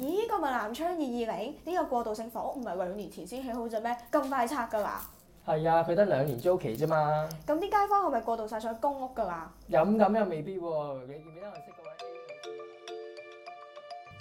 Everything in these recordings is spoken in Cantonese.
咦，個咪南昌220？呢個過渡性房屋唔係兩年前先起好啫咩？咁快拆噶啦？係啊，佢得兩年租期啫嘛。咁啲街坊係咪過渡曬上公屋噶啦？咁咁又未必喎。啊，你見唔見到我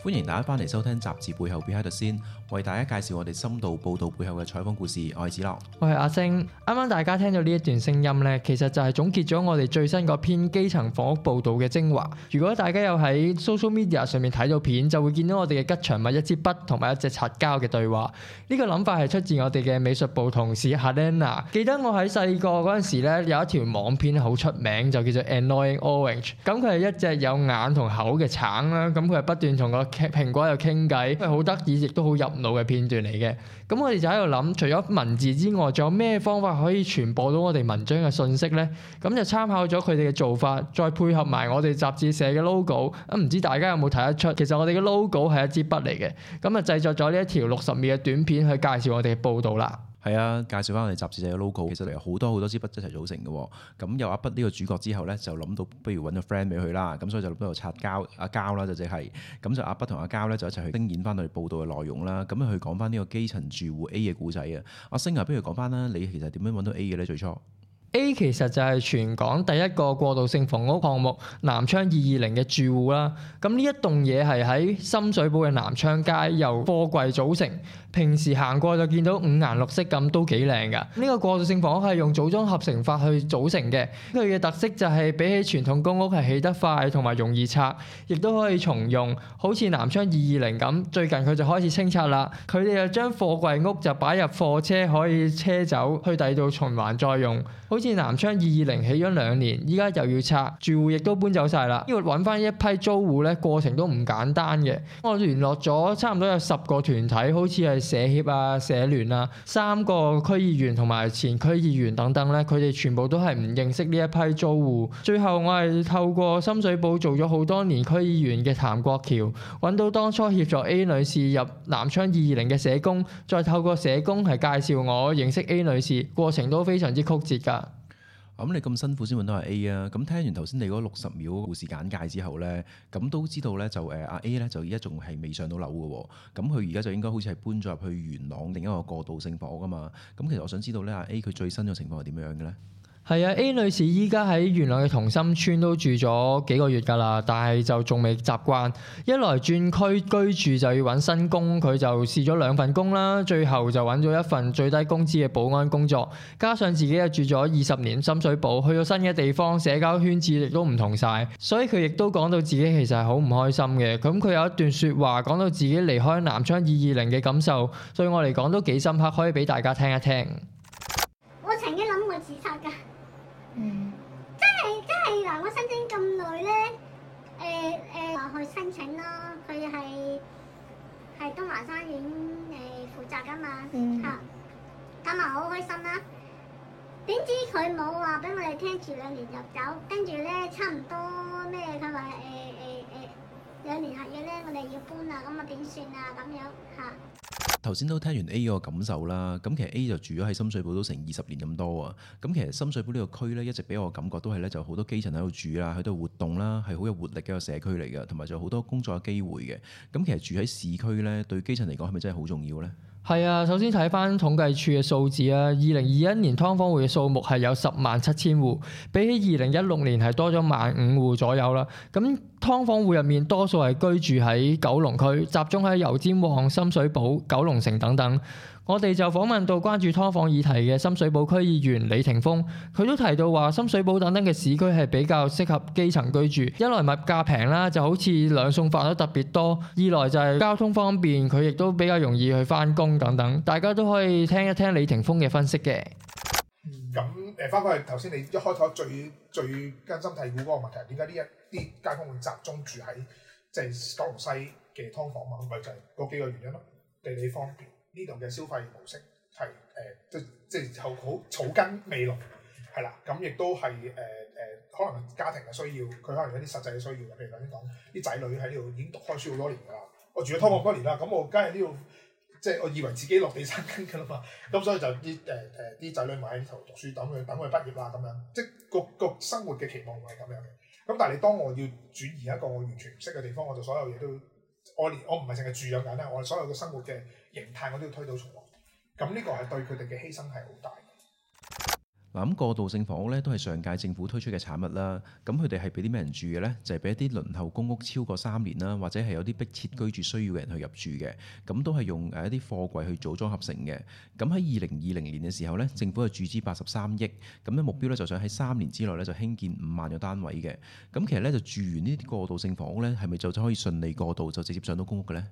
歡迎大家翻嚟收聽集誌背後別喺度先，為大家介紹我哋深度報道背後嘅採訪故事。我係子樂，我係阿星。啱啱大家聽到呢一段聲音呢，其實就係總結咗我哋最新嗰篇基層房屋報道嘅精華。如果大家有喺 social media 上面睇到片，就會見到我哋嘅吉祥物一支筆同埋一隻擦膠嘅對話。呢個諗法係出自我哋嘅美術部同事 Helena。記得我喺細個嗰陣時呢，有一條網片好出名，就叫做 Annoying Orange。咁佢係一隻有眼同口嘅橙啦，咁佢係不斷同個蘋果喺度傾偈，係好得意，亦都好入腦嘅片段嚟嘅。咁我哋就喺度諗，除咗文字之外，仲有咩方法可以傳播到我哋文章嘅信息咧？咁就參考咗佢哋嘅做法，再配合埋我哋雜誌社嘅 logo。咁唔知大家有冇睇得出？其實我哋嘅 logo 係一支筆嚟嘅。咁啊，製作咗呢一條六十秒嘅短片去介紹我哋嘅報導啦。係啊，介紹翻我哋集誌社嘅 logo，其實嚟好多好多支筆一齊組成嘅。咁有阿筆呢個主角之後咧，就諗到不如揾個 friend 俾佢啦。咁所以就喺度擦膠阿膠啦，啊、就即係咁就阿筆同阿膠咧就一齊去聲演翻我哋報道嘅內容啦。咁去講翻呢個基層住戶 A 嘅故仔啊。阿星不如講翻啦，你其實點樣揾到 A 嘅咧？最初。A 其實就係全港第一個過渡性房屋項目南昌二二零嘅住戶啦。咁呢一棟嘢係喺深水埗嘅南昌街由貨櫃組成，平時行過就見到五顏六色咁都幾靚噶。呢個過渡性房屋係用組裝合成法去組成嘅，佢嘅特色就係比起傳統公屋係起得快同埋容易拆，亦都可以重用。好似南昌二二零咁，最近佢就開始清拆啦。佢哋又將貨櫃屋就擺入貨車，可以車走去第二度循環再用。好似南昌二二零起咗兩年，依家又要拆，住戶亦都搬走晒啦。要揾返一批租戶咧，過程都唔簡單嘅。我聯絡咗差唔多有十個團體，好似係社協啊、社聯啊、三個區議員同埋前區議員等等咧，佢哋全部都係唔認識呢一批租戶。最後我係透過深水埗做咗好多年區議員嘅譚國橋揾到當初協助 A 女士入南昌二二零嘅社工，再透過社工係介紹我認識 A 女士，過程都非常之曲折㗎。咁你咁辛苦先揾到阿 A 啊？咁聽完頭先你嗰六十秒故事簡介之後呢，咁都知道呢，就誒阿 A 呢，就而家仲係未上到樓嘅喎。咁佢而家就應該好似係搬咗入去元朗另一個過渡性房㗎嘛。咁其實我想知道呢，阿 A 佢最新嘅情況係點樣嘅呢？係啊，A 女士依家喺元朗嘅同心村都住咗幾個月㗎啦，但係就仲未習慣。一來轉區居住就要揾新工，佢就試咗兩份工啦，最後就揾咗一份最低工資嘅保安工作。加上自己又住咗二十年深水埗，去到新嘅地方，社交圈子亦都唔同晒，所以佢亦都講到自己其實係好唔開心嘅。咁佢有一段説話講到自己離開南昌二二零嘅感受，對我嚟講都幾深刻，可以俾大家聽一聽。我曾經諗過自殺㗎。嗯，即係即係嗱，我申請咁耐咧，誒、呃、誒、呃呃，去申請啦。佢係係東華三院誒負責噶嘛吓，咁咪好開心啦、啊。點知佢冇話俾我哋聽住兩年入走，跟住咧差唔多咩？佢話誒誒誒，兩、呃呃呃、年合約咧，我哋要搬啦，咁啊點算啊？咁樣吓。啊頭先都聽完 A 依個感受啦，咁其實 A 就住咗喺深水埗都成二十年咁多啊。咁其實深水埗呢個區呢，一直俾我感覺都係呢，就好多基層喺度住啦，喺度活動啦，係好有活力嘅一個社區嚟嘅，同埋就好多工作嘅機會嘅。咁其實住喺市區呢，對基層嚟講係咪真係好重要呢？係啊，首先睇翻統計處嘅數字啊。二零二一年劏房戶嘅數目係有十萬七千戶，比起二零一六年係多咗萬五戶左右啦。咁劏房戶入面多數係居住喺九龍區，集中喺油尖旺、深水埗、九龍城等等。我哋就訪問到關注劏房議題嘅深水埗區議員李霆鋒，佢都提到話深水埗等等嘅市區係比較適合基層居住，一來物價平啦，就好似兩餸飯都特別多；二來就係交通方便，佢亦都比較容易去翻工等等。大家都可以聽一聽李霆鋒嘅分析嘅。咁誒，翻返去頭先，你一開頭最最根深蒂固嗰個問題，點解呢一啲街坊會集中住喺即係九龍西嘅㓥房嘛？咪就係嗰幾個原因咯，地理方便。呢度嘅消費模式係誒、呃、即即係好草根未來係啦，咁亦、嗯、都係誒誒可能家庭嘅需要，佢可能有啲實際嘅需要，譬如頭先講啲仔女喺呢度已經讀開書好多年㗎啦，我住咗劏房多年啦，咁我梗係呢度即係我以為自己落地生根㗎啦嘛，咁、嗯、所以就啲誒誒啲仔女咪喺呢度讀書，等佢等佢畢業啦咁樣，即係個個生活嘅期望係咁樣嘅。咁但係你當我要轉移一個我完全唔識嘅地方，我就所有嘢都我連我唔係淨係住有緊啦，我所有嘅生活嘅形態我都要推倒重來，咁呢個係對佢哋嘅犧牲係好大。嗱，咁過渡性房屋咧都係上屆政府推出嘅產物啦。咁佢哋係俾啲咩人住嘅咧？就係、係、俾一啲輪候公屋超過三年啦，或者係有啲迫切居住需要嘅人去入住嘅。咁都係用誒一啲貨櫃去組裝合成嘅。咁喺二零二零年嘅時候咧，政府係注資八十三億，咁咧目標咧就想喺三年之內咧就興建五萬個單位嘅。咁其實咧就住完呢啲過渡性房屋咧，係咪就可以順利過渡就直接上到公屋嘅咧？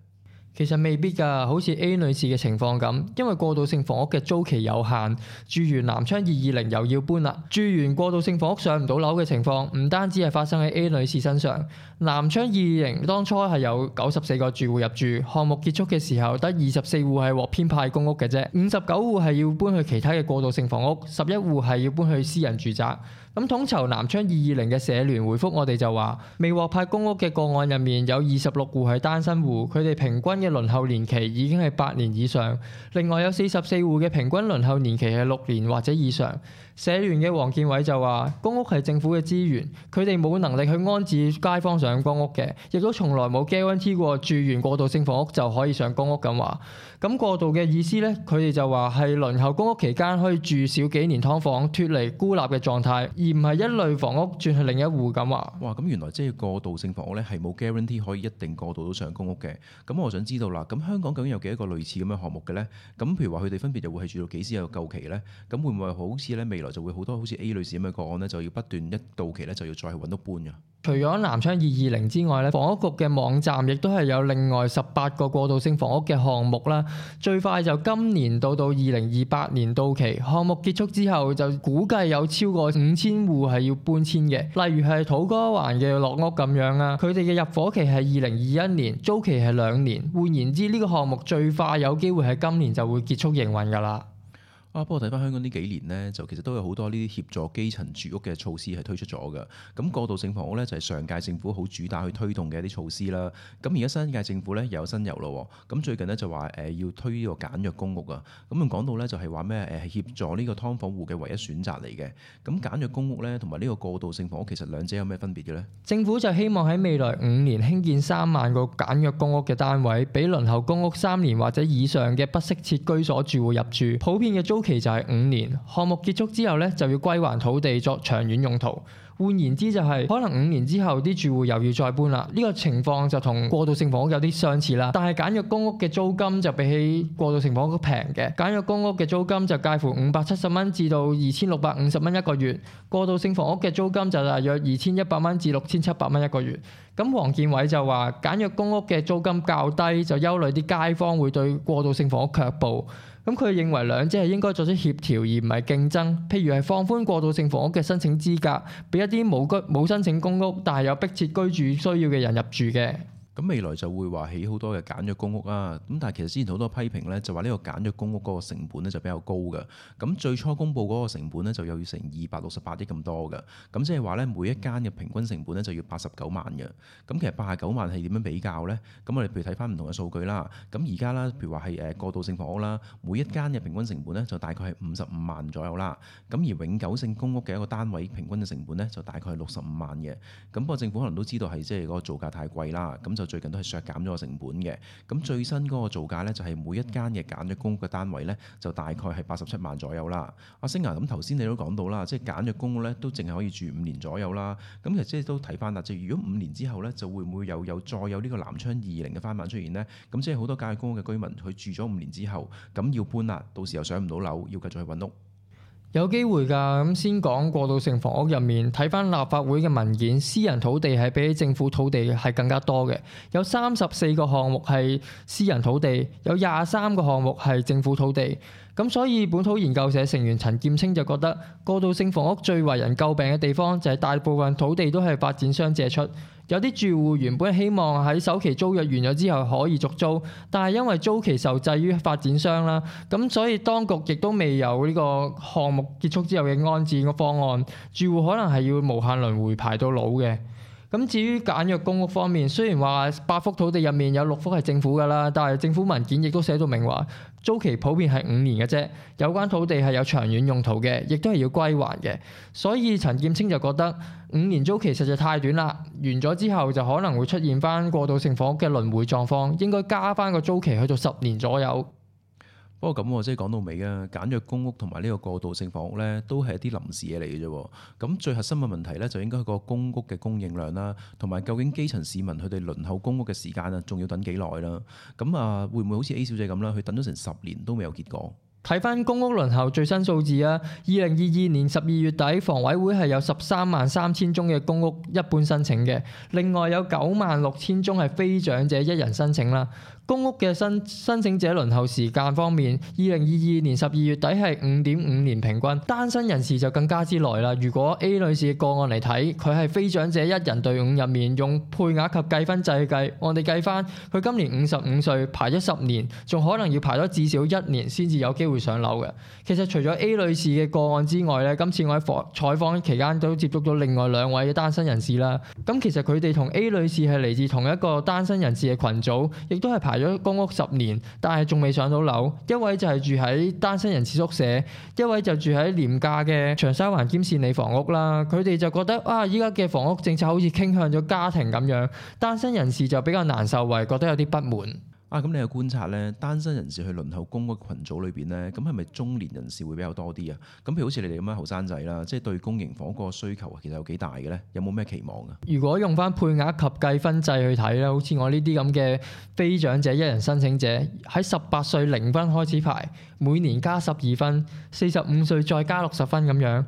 其實未必㗎，好似 A 女士嘅情況咁，因為過渡性房屋嘅租期有限，住完南昌二二零又要搬啦，住完過渡性房屋上唔到樓嘅情況，唔單止係發生喺 A 女士身上。南昌二二零當初係有九十四個住戶入住，項目結束嘅時候得二十四戶係獲編派公屋嘅啫，五十九戶係要搬去其他嘅過渡性房屋，十一戶係要搬去私人住宅。咁統籌南昌二二零嘅社聯回覆我哋就話，未獲派公屋嘅個案入面有二十六戶係單身戶，佢哋平均嘅輪候年期已經係八年以上。另外有四十四戶嘅平均輪候年期係六年或者以上。社聯嘅黃建偉就話，公屋係政府嘅資源，佢哋冇能力去安置街坊上公屋嘅，亦都從來冇 guarantee 過住完過渡性房屋就可以上公屋咁話。咁過渡嘅意思呢，佢哋就話係輪候公屋期間可以住少幾年劏房，脫離孤立嘅狀態。而唔係一類房屋轉去另一戶咁啊？哇！咁原來即係過渡性房屋咧，係冇 guarantee 可以一定過渡到上公屋嘅。咁我想知道啦，咁香港究竟有幾多個類似咁樣項目嘅咧？咁譬如話佢哋分別就會係住到幾時有夠期咧？咁會唔會好似咧未來就會好多好似 A 類似咁樣個案咧，就要不斷一到期咧就要再揾到搬嘅？除咗南昌二二零之外咧，房屋局嘅網站亦都係有另外十八個過渡性房屋嘅項目啦。最快就今年到到二零二八年到期，項目結束之後就估計有超過五千。戶係要搬遷嘅，例如係土瓜灣嘅落屋咁樣啊，佢哋嘅入伙期係二零二一年，租期係兩年。換言之，呢、這個項目最快有機會喺今年就會結束營運噶啦。啊！不過睇返香港呢幾年呢，就其實都有好多呢啲協助基層住屋嘅措施係推出咗嘅。咁過渡性房屋呢，就係上屆政府好主打去推動嘅一啲措施啦。咁而家新一屆政府呢，又有新猷咯。咁最近呢，就話誒要推呢個簡約公屋啊。咁講到呢，就係話咩誒係協助呢個劏房戶嘅唯一選擇嚟嘅。咁簡約公屋呢，同埋呢個過渡性房屋其實兩者有咩分別嘅呢？政府就希望喺未來五年興建三萬個簡約公屋嘅單位，俾輪候公屋三年或者以上嘅不適切居所住戶入住。普遍嘅租期就係五年，項目結束之後咧就要歸還土地作長遠用途。換言之，就係，就係可能五年之後啲住戶又要再搬啦。呢、這個情況就同過渡性房屋有啲相似啦。但係簡約公屋嘅租金就比起過渡性房屋平嘅，簡約公屋嘅租金就介乎五百七十蚊至到二千六百五十蚊一個月。過渡性房屋嘅租金就大約二千一百蚊至六千七百蚊一個月。咁黃建偉就話簡約公屋嘅租金較低，就憂慮啲街坊會對過渡性房屋卻步。咁佢認為兩者係應該作出協調而唔係競爭，譬如係放寬過渡性房屋嘅申請資格，畀一啲冇居冇申請公屋但係有迫切居住需要嘅人入住嘅。咁未來就會話起好多嘅簡約公屋啊。咁但係其實之前好多批評咧，就話呢個簡約公屋嗰個成本咧就比較高嘅。咁最初公佈嗰個成本咧，就又要成二百六十八億咁多嘅。咁即係話咧，每一間嘅平均成本咧就要八十九萬嘅。咁其實八十九萬係點樣比較咧？咁我哋譬如睇翻唔同嘅數據啦。咁而家啦，譬如話係誒過渡性房屋啦，每一間嘅平均成本咧就大概係五十五萬左右啦。咁而永久性公屋嘅一個單位平均嘅成本咧就大概係六十五萬嘅。咁不過政府可能都知道係即係嗰個造價太貴啦，咁就。最近都係削減咗個成本嘅，咁最新嗰個造價呢，就係每一間嘅簡約公屋嘅單位呢，就大概係八十七萬左右啦。阿、啊、星啊，咁頭先你都講到啦，即係簡約公屋呢，都淨係可以住五年左右啦。咁其實即係都睇翻啦，即係如果五年之後呢，就會唔會又有再有呢個南昌二零嘅翻版出現呢？咁即係好多簡約公屋嘅居民，佢住咗五年之後，咁要搬啦，到時候又上唔到樓，要繼續去揾屋。有機會㗎，咁先講過渡性房屋入面，睇返立法會嘅文件，私人土地係比政府土地係更加多嘅，有三十四個項目係私人土地，有廿三個項目係政府土地。咁所以本土研究社成員陳劍青就覺得，過渡性房屋最為人詬病嘅地方就係大部分土地都係發展商借出。有啲住戶原本希望喺首期租約完咗之後可以續租，但係因為租期受制於發展商啦，咁所以當局亦都未有呢個項目結束之後嘅安置嘅方案，住戶可能係要無限輪迴排到老嘅。咁至於簡約公屋方面，雖然話八幅土地入面有六幅係政府㗎啦，但係政府文件亦都寫到明話租期普遍係五年㗎啫。有關土地係有長遠用途嘅，亦都係要歸還嘅。所以陳劍青就覺得五年租期實在太短啦，完咗之後就可能會出現返過渡性房屋嘅輪迴狀況，應該加返個租期去到十年左右。不過咁喎，即係講到尾啊，簡約公屋同埋呢個過渡性房屋咧，都係一啲臨時嘢嚟嘅啫。咁最核心嘅問題咧，就應該係個公屋嘅供應量啦，同埋究竟基層市民佢哋輪候公屋嘅時間啊，仲要等幾耐啦？咁啊，會唔會好似 A 小姐咁啦？佢等咗成十年都未有結果。睇翻公屋輪候最新數字啊，二零二二年十二月底，房委會係有十三萬三千宗嘅公屋一般申請嘅，另外有九萬六千宗係非長者一人申請啦。公屋嘅申申請者輪候時間方面，二零二二年十二月底係五點五年平均。單身人士就更加之耐啦。如果 A 女士嘅個案嚟睇，佢係非長者一人隊伍入面用配額及計分制計，我哋計翻佢今年五十五歲，排咗十年，仲可能要排咗至少一年先至有機會上樓嘅。其實除咗 A 女士嘅個案之外咧，今次我喺訪採訪期間都接觸到另外兩位嘅單身人士啦。咁其實佢哋同 A 女士係嚟自同一個單身人士嘅群組，亦都係排咗公屋十年，但係仲未上到樓。一位就係住喺單身人士宿舍，一位就住喺廉價嘅長沙灣兼善里房屋啦。佢哋就覺得啊，依家嘅房屋政策好似傾向咗家庭咁樣，單身人士就比較難受惠，覺得有啲不滿。啊，咁你嘅觀察咧，單身人士去輪候公屋群組裏邊咧，咁係咪中年人士會比較多啲啊？咁譬如好似你哋咁樣後生仔啦，即係對公營房嗰個需求其實有幾大嘅咧？有冇咩期望啊？如果用返配額及計分制去睇咧，好似我呢啲咁嘅非長者一人申請者，喺十八歲零分開始排，每年加十二分，四十五歲再加六十分咁樣，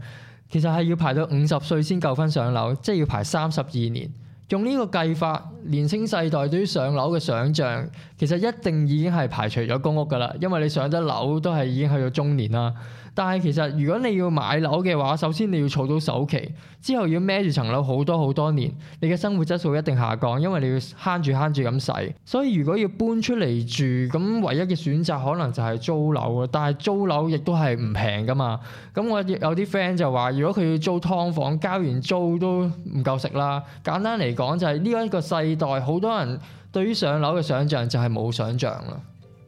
其實係要排到五十歲先夠分上樓，即係要排三十二年。用呢個計法，年輕世代對於上樓嘅想像，其實一定已經係排除咗公屋㗎啦，因為你上得樓都係已經去到中年啦。但係其實如果你要買樓嘅話，首先你要儲到首期，之後要孭住層樓好多好多年，你嘅生活質素一定下降，因為你要慳住慳住咁使。所以如果要搬出嚟住，咁唯一嘅選擇可能就係租樓咯。但係租樓亦都係唔平㗎嘛。咁我有啲 friend 就話，如果佢要租劏房，交完租都唔夠食啦。簡單嚟講就係呢一個世代，好多人對於上樓嘅想像就係冇想像啦。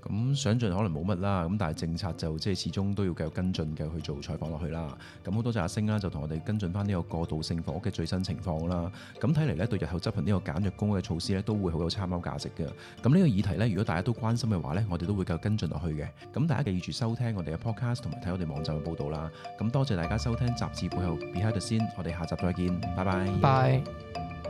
咁想像可能冇乜啦，咁但係政策就即係始終都要繼續跟進嘅去做採訪落去啦。咁好多謝阿星啦，就同我哋跟進翻呢個過渡性房屋嘅最新情況啦。咁睇嚟呢，對日後執行呢個簡約公屋嘅措施呢，都會好有參考價值嘅。咁、這、呢個議題呢，如果大家都關心嘅話呢，我哋都會繼續跟進落去嘅。咁大家記住收聽我哋嘅 podcast 同埋睇我哋網站嘅報導啦。咁多謝大家收聽雜誌背後 behind the scene 先，我哋下集再見，拜拜。Bye.